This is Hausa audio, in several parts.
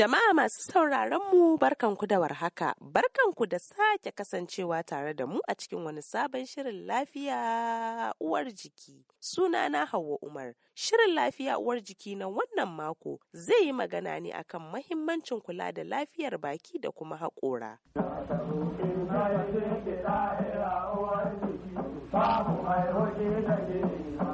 Jama'a masu sauraron mu barkanku da warhaka, barkanku da sake kasancewa tare da mu a cikin wani sabon shirin lafiya uwar jiki. Suna na Hauwa Umar. Shirin lafiya uwar jiki na wannan mako zai yi magana ne akan mahimmancin kula da lafiyar baki da kuma haƙora. Babu mai da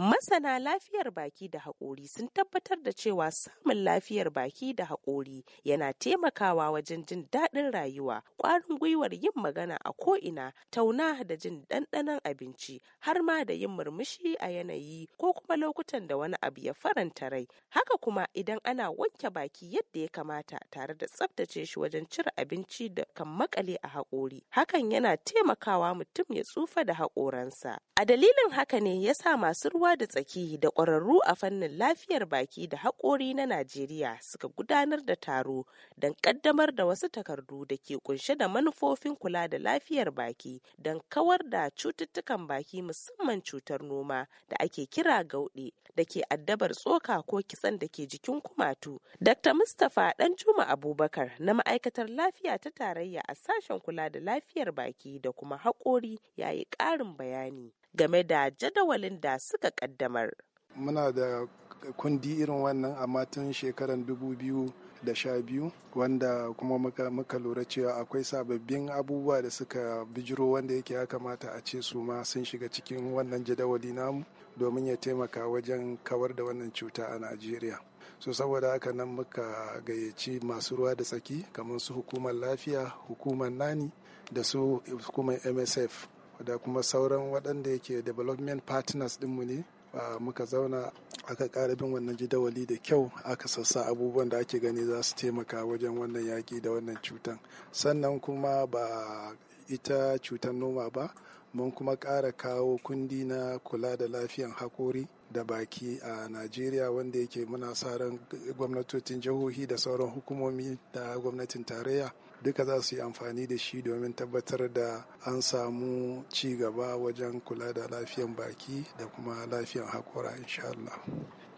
Masana lafiyar baki da haƙori sun tabbatar da cewa samun lafiyar baki da haƙori yana taimakawa wajen jin daɗin rayuwa, ƙwarin gwiwar yin magana a ko'ina, tauna da jin ɗanɗanon abinci, har ma da yin murmushi a yanayi ko kuma lokutan da wani abu ya faranta rai. Haka kuma idan ana wanke baki yadda ya kamata tare da tsaftace shi wajen cire abinci da kan makale a haƙori, hakan yana taimakawa mutum ya tsufa da haƙoransa. A dalilin haka ne ya sa masu ruwa ruwa da tsaki da ƙwararru a fannin lafiyar baki da haƙori na Najeriya suka gudanar da taro don ƙaddamar da wasu takardu da ke kunshe da manufofin kula da lafiyar baki don kawar da cututtukan baki musamman cutar noma da ake kira gauɗe da ke addabar tsoka ko kitsan da ke jikin kumatu. Dr. Mustapha Danjuma Abubakar na ma'aikatar lafiya ta tarayya a sashen kula da lafiyar baki da kuma haƙori ya yi ƙarin bayani. game da jadawalin da suka kaddamar. Muna da kundi irin wannan amma tun shekaran biyu. da sha biyu wanda kuma muka, muka lura cewa akwai sababbin abubuwa da suka bijiro wanda yake ya kamata a ce su ma sun shiga cikin wannan jadawali namu domin ya taimaka wajen kawar da wannan cuta a najeriya so saboda haka nan muka gayyaci masu ruwa da tsaki kamar su hukumar lafiya hukumar nani da su hukumar msf da kuma sauran waɗanda yake development partners mu ne muka zauna aka ƙara bin wannan jidawali da kyau aka sassa abubuwan da ake gani za su taimaka wajen wannan yaƙi da wannan cutan sannan kuma ba ita cutan noma ba mun kuma ƙara kawo kundi na kula da lafiyan haƙori da baki a najeriya wanda yake muna sa ran gwamnatocin jihohi da sauran hukumomi da gwamnatin tarayya duka za su yi amfani da shi domin tabbatar da an samu ci gaba wajen kula da lafiyan baki da kuma lafiyan haƙora insha Allah.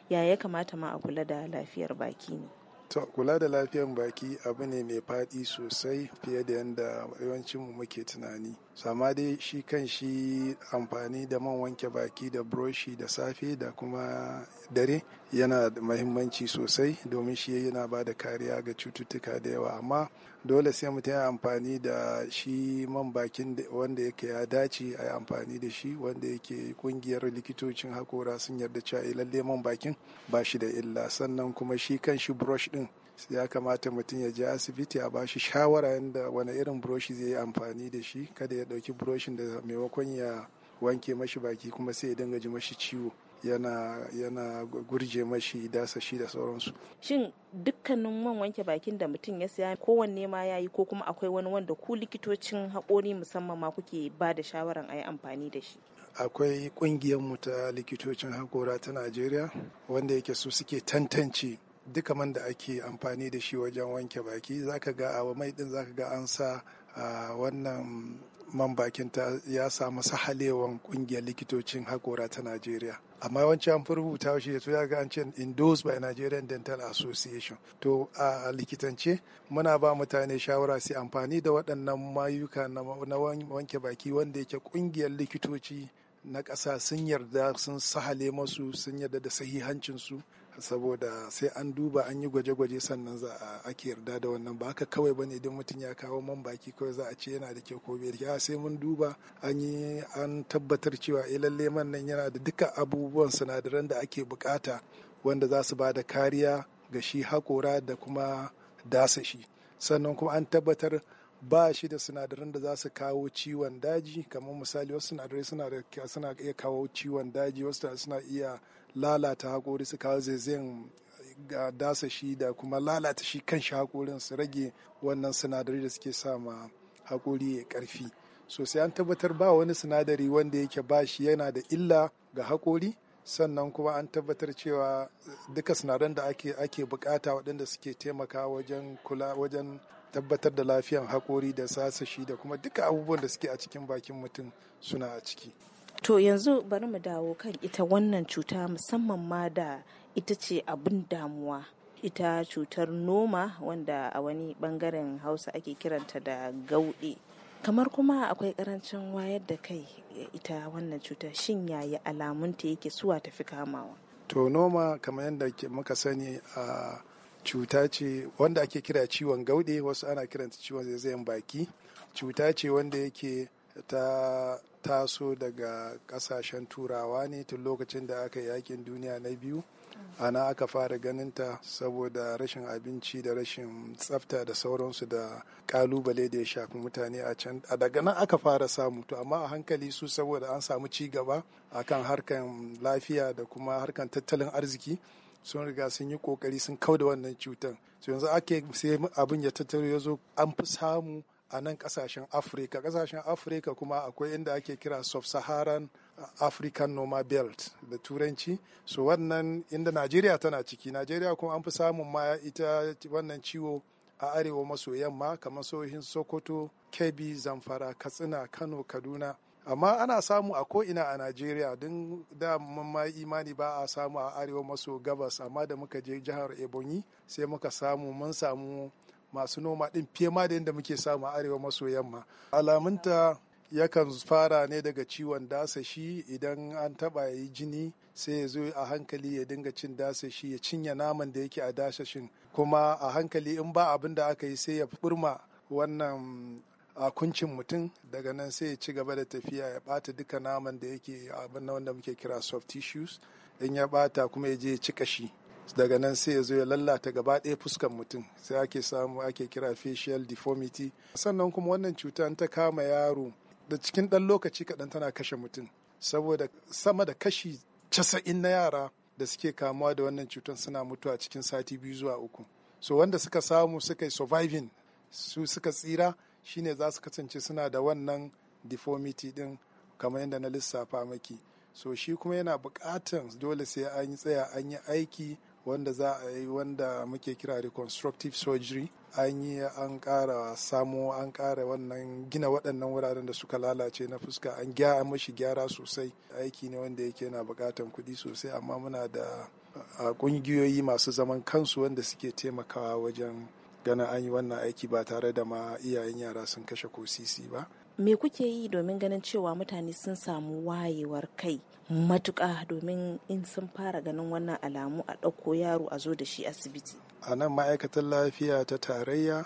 Ya ya kamata ma a kula da lafiyar baki ne? To, kula da lafiyan baki abu ne mai faɗi sosai fiye da yadda yawancinmu muke tunani. Sama dai shi kan shi amfani da man wanke baki da buroshi da safe da kuma dare yana da mahimmanci sosai domin shi yana ba da kariya ga cututtuka da yawa. Amma dole sai mutum ya amfani da shi man bakin wanda yake ya dace a yi amfani da shi wanda yake kungiyar likitocin hakora sun yarda cewa eh, lalle man bakin ba shi da illa sannan kuma shi kan shi brush din ya kamata mutum ya je asibiti a bashi shawara yadda wani irin buroshi zai yi amfani da shi kada ya dauki buroshin da maimakon ya wanke mashi baki kuma sai ya dinga ji mashi ciwo yana yana gurje mashi dasa shi da sauransu shin dukkanin man wanke bakin da mutum ya saya kowanne ma ya yi ko kuma akwai wani wanda ku likitocin haƙori musamman ma kuke ba da shawaran a yi amfani da shi akwai mu ta likitocin haƙora ta najeriya wanda yake su suke tantance duka man da ake amfani da shi wajen wanke baki zaka ga a mai din zaka ga an sa wannan man bakin ta ya samu sahalewan ƙungiyar likitocin haƙora ta najeriya amma yawanci an fi rubuta shi da ya ga an ce endorsed by Nigerian Dental Association to a likitance muna ba mutane shawara su amfani da waɗannan mayuka na wanke baki wanda yake ƙungiyar likitoci na ƙasa sun yarda sun sahale masu sun yarda da sahihancinsu saboda sai an duba an yi gwaje-gwaje sannan za a ake yarda da wannan ba haka kawai bane idan mutum ya kawo man baki kawai za a ce yana da kyau ko bai da sai mun duba an yi an tabbatar cewa eh lalle man nan yana da duka abubuwan sinadaran da ake bukata wanda za su ba da kariya ga shi haƙora da kuma dasa shi sannan kuma an tabbatar ba shi da sinadaran da za su kawo ciwon daji kamar misali wasu sinadarai suna iya kawo ciwon daji wasu suna iya lalata hakori su kawo ga dasa shi da kuma lalata shi kan shi hakorin su rage wannan sinadari da suke sa ma hakori ya ƙarfi so an tabbatar ba wani sinadari wanda yake ba shi yana da illa ga hakori sannan kuma an tabbatar cewa duka sinadaran da ake ake bukata waɗanda suke taimaka wajen kula wajen tabbatar da lafiyan hakori da sasashi da kuma duka abubuwan da suke a cikin bakin mutum suna a ciki To yanzu bari mu dawo kan ita wannan cuta musamman ma da ita ce abin damuwa. Ita cutar noma wanda a wani bangaren hausa ake kiranta da gauɗe. Kamar kuma akwai karancin wayar da kai ita wannan cuta shin yayi alamunta yake suwa tafi kamawa. To noma kamar yadda muka sani a cuta ce wanda ake kira ciwon gauɗe wasu ana kiranta ciwon zaizayen baki. Cuta ce wanda yake ta taso daga kasashen turawa ne tun lokacin da aka yakin duniya na biyu ana aka fara ganin ta saboda rashin abinci da rashin tsafta da sauransu da kalubale da ya shafi mutane a can a daga nan aka fara samu to amma a hankali su saboda an samu ci gaba akan harkan lafiya da kuma harkan tattalin arziki sun riga sun yi kokari sun kauda wannan cutan yanzu ake sai abin ya tattaro ya zo an fi samu a nan kasashen afirka kasashen afirka kuma akwai inda ake kira sub-saharan uh, african noma belt da turanci so wannan inda najeriya tana ciki najeriya kuma an fi samun ma ita wannan ciwo a arewa maso yamma kamar sohin sokoto kebbi zamfara katsina kano kaduna amma ana samu a ko ina a najeriya don da ma imani ba a samu a arewa maso gabas amma da muka je jihar ebonyi sai muka samu mun samu masu noma ɗin fiye ma da yadda muke samu arewa maso yamma alamunta yakan fara ne daga ciwon dasashi idan an taba yi jini sai ya zo a hankali ya dinga cin dasashi ya cinye naman da yake a dasashin kuma a hankali in ba abin da aka yi sai ya burma wannan a kuncin mutum daga nan sai ya ci gaba da tafiya ya bata duka naman da yake abin wanda muke kira soft tissues in ya ɓata kuma ya je ya ci kashi daga nan sai ya zo ya lallata gaba ɗaya fuskan mutum sai ake samu ake kira facial deformity sannan kuma wannan cuta ta kama yaro da cikin ɗan lokaci kaɗan tana kashe mutum saboda sama da kashi casa'in na yara da suke kamuwa da wannan cutar suna mutuwa cikin sati biyu zuwa uku so wanda suka samu suka yi surviving su suka tsira shine za su kasance suna da wannan deformity din kamar yadda na lissafa maki so shi kuma yana buƙatan dole sai an yi tsaya an yi aiki wanda za a yi wanda muke kira reconstructive surgery an yi an kara samo an kara wannan gina waɗannan wuraren da suka lalace na fuska an gyara mashi gyara sosai aiki ne wanda yake na bukatan kuɗi sosai amma muna da ƙungiyoyi masu zaman kansu wanda suke taimakawa wajen ganin an yi wannan aiki ba tare da ma iyayen yara sun kashe ko sisi ba me kuke yi domin ganin cewa mutane sun samu wayewar kai matuka domin in sun fara ganin wannan alamu a ɗauko yaro a zo da shi asibiti a nan ma'aikatan lafiya ta tarayya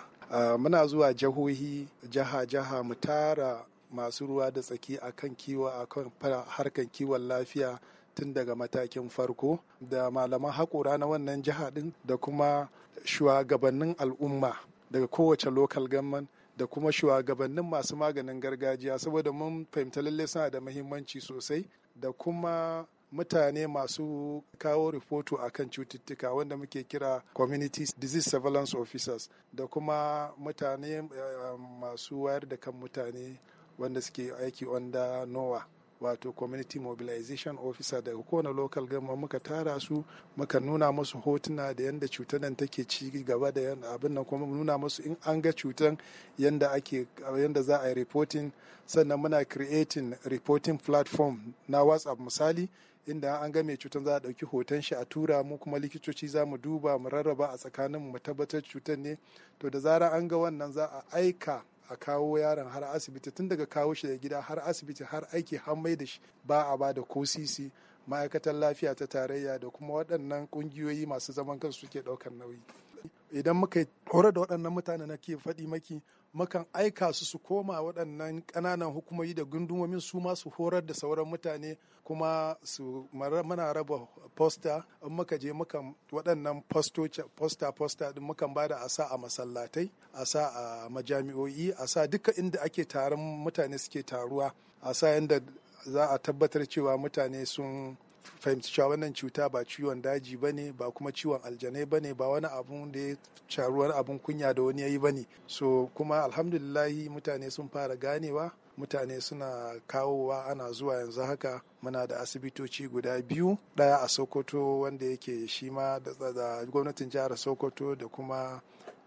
muna zuwa jihohi jaha-jaha mu tara masu ruwa da tsaki a akan kiwo kan harkar kiwon lafiya tun daga matakin farko da malaman haƙura na wannan jiha ɗin da kuma shugabannin al'umma daga kowace lokal gamman da kuma shugabannin masu maganin gargajiya saboda mun fahimta lalle suna da mahimmanci sosai da kuma mutane masu kawo rahoto a kan cututtuka wanda muke kira community disease surveillance officers da kuma mutane eh, masu wayar da kan mutane wanda suke aiki onda nowa wato community mobilization officer daga kowane local gama muka tara su muka nuna musu hotuna da yadda cutar nan take ci gaba da abin nan kuma nuna musu in an ga cutar yadda ake yadda za a yi reporting sannan muna creating reporting platform na whatsapp misali inda an ga mai cutar za a ɗauki hoton shi a tura mu kuma likitoci za mu duba mu rarraba a tsakanin mu tabbatar cutar ne to da zarar an ga wannan za a aika a kawo yaron har asibiti tun daga kawo shi da gida har asibiti har aiki har mai da shi ba a ba da ko sisi ma'aikatan lafiya ta tarayya da kuma waɗannan ƙungiyoyi masu zaman kansu suke ɗaukar nauyi idan muka horar da waɗannan mutane na ke faɗi maki mukan aika su su koma waɗannan ƙananan hukumomi da gundumomin su ma su horar da sauran mutane kuma su mana raba posta in muka je mukan waɗannan posta posta din mukan ba da asa a masallatai a sa a majami'o'i a sa duka inda ake taron mutane suke taruwa a sa yadda za a tabbatar cewa mutane sun fahimci cewa wannan cuta ba ciwon daji ba ne ba kuma ciwon aljanai ba ne ba wani abun da ya wani abun kunya da wani ya yi ba ne so kuma alhamdulillahi mutane sun fara ganewa mutane suna kawowa ana zuwa yanzu haka muna da asibitoci guda biyu ɗaya a sokoto wanda yake shi da gwamnatin jihar sokoto da kuma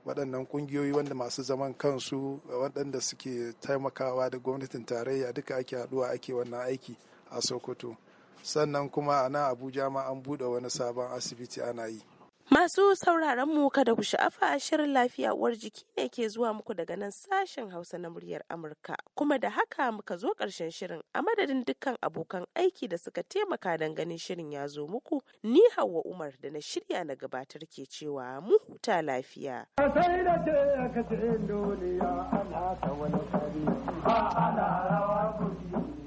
waɗannan ƙungiyoyi wanda masu zaman kansu waɗanda suke taimakawa da gwamnatin tarayya duka ake haɗuwa ake wannan aiki a sokoto sannan kuma a nan abuja ma an buɗe wani sabon asibiti ana yi Masu sauraron mu kada ku sha'afa shirin lafiya uwar jiki ne ke zuwa muku daga nan sashen Hausa na muryar Amurka. Kuma da haka muka zo ƙarshen shirin a madadin dukkan abokan aiki da suka taimaka don ganin shirin ya zo muku. Ni Hauwa Umar da na shirya na gabatar ke cewa mu huta lafiya. Sai ce ka